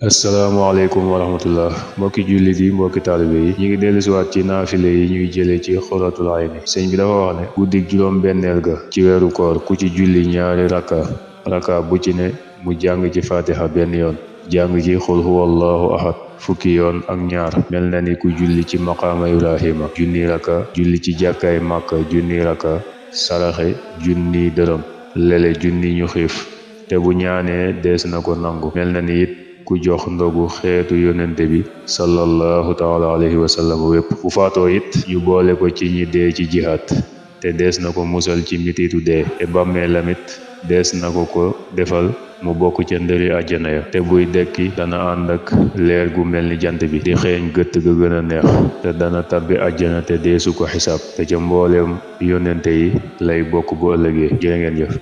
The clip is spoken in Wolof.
asalaamaaleykum wa rahmatullah mbokki jullit yi mbokki taalibe yi ñu ngi dellusiwaat ci naafile yi ñuy jële ci xoratul ayni sëñ bi dafa wax ne guddig juróom benneel ga ci weeru koor ku ci julli ñaari rakka rakka bu ci ne mu jàng ci fatiha benn yoon jàng ci xul huwallahu ahad fukki yoon ak ñaar mel na ni ku julli ci maqaama ibrahima junni raka julli ci jàkkaay màkka junni raka saraxe junni dërëm lele junni ñu xiif te bu ñaanee dees na ko nangu mel na ni it ku jox ndogu xeetu yonente bi sallallahu taala alayhi wa wépp bu faatoo it ñu boole ko ci ñi dee ci jihaat te dees na ko musal ci mititu dee te bàmmee lamit dees na ko ko defal mu bokk ca ndëri àjjana ya te buy dekki dana ànd ak leer gu mel ni jant bi di xeeñ gëtt ga gëna a neex te dana tabbi àjjana te deesu ko xisaab te ca mbooleem yonente yi lay bokk bu ëllëgee jërë ngeen jëf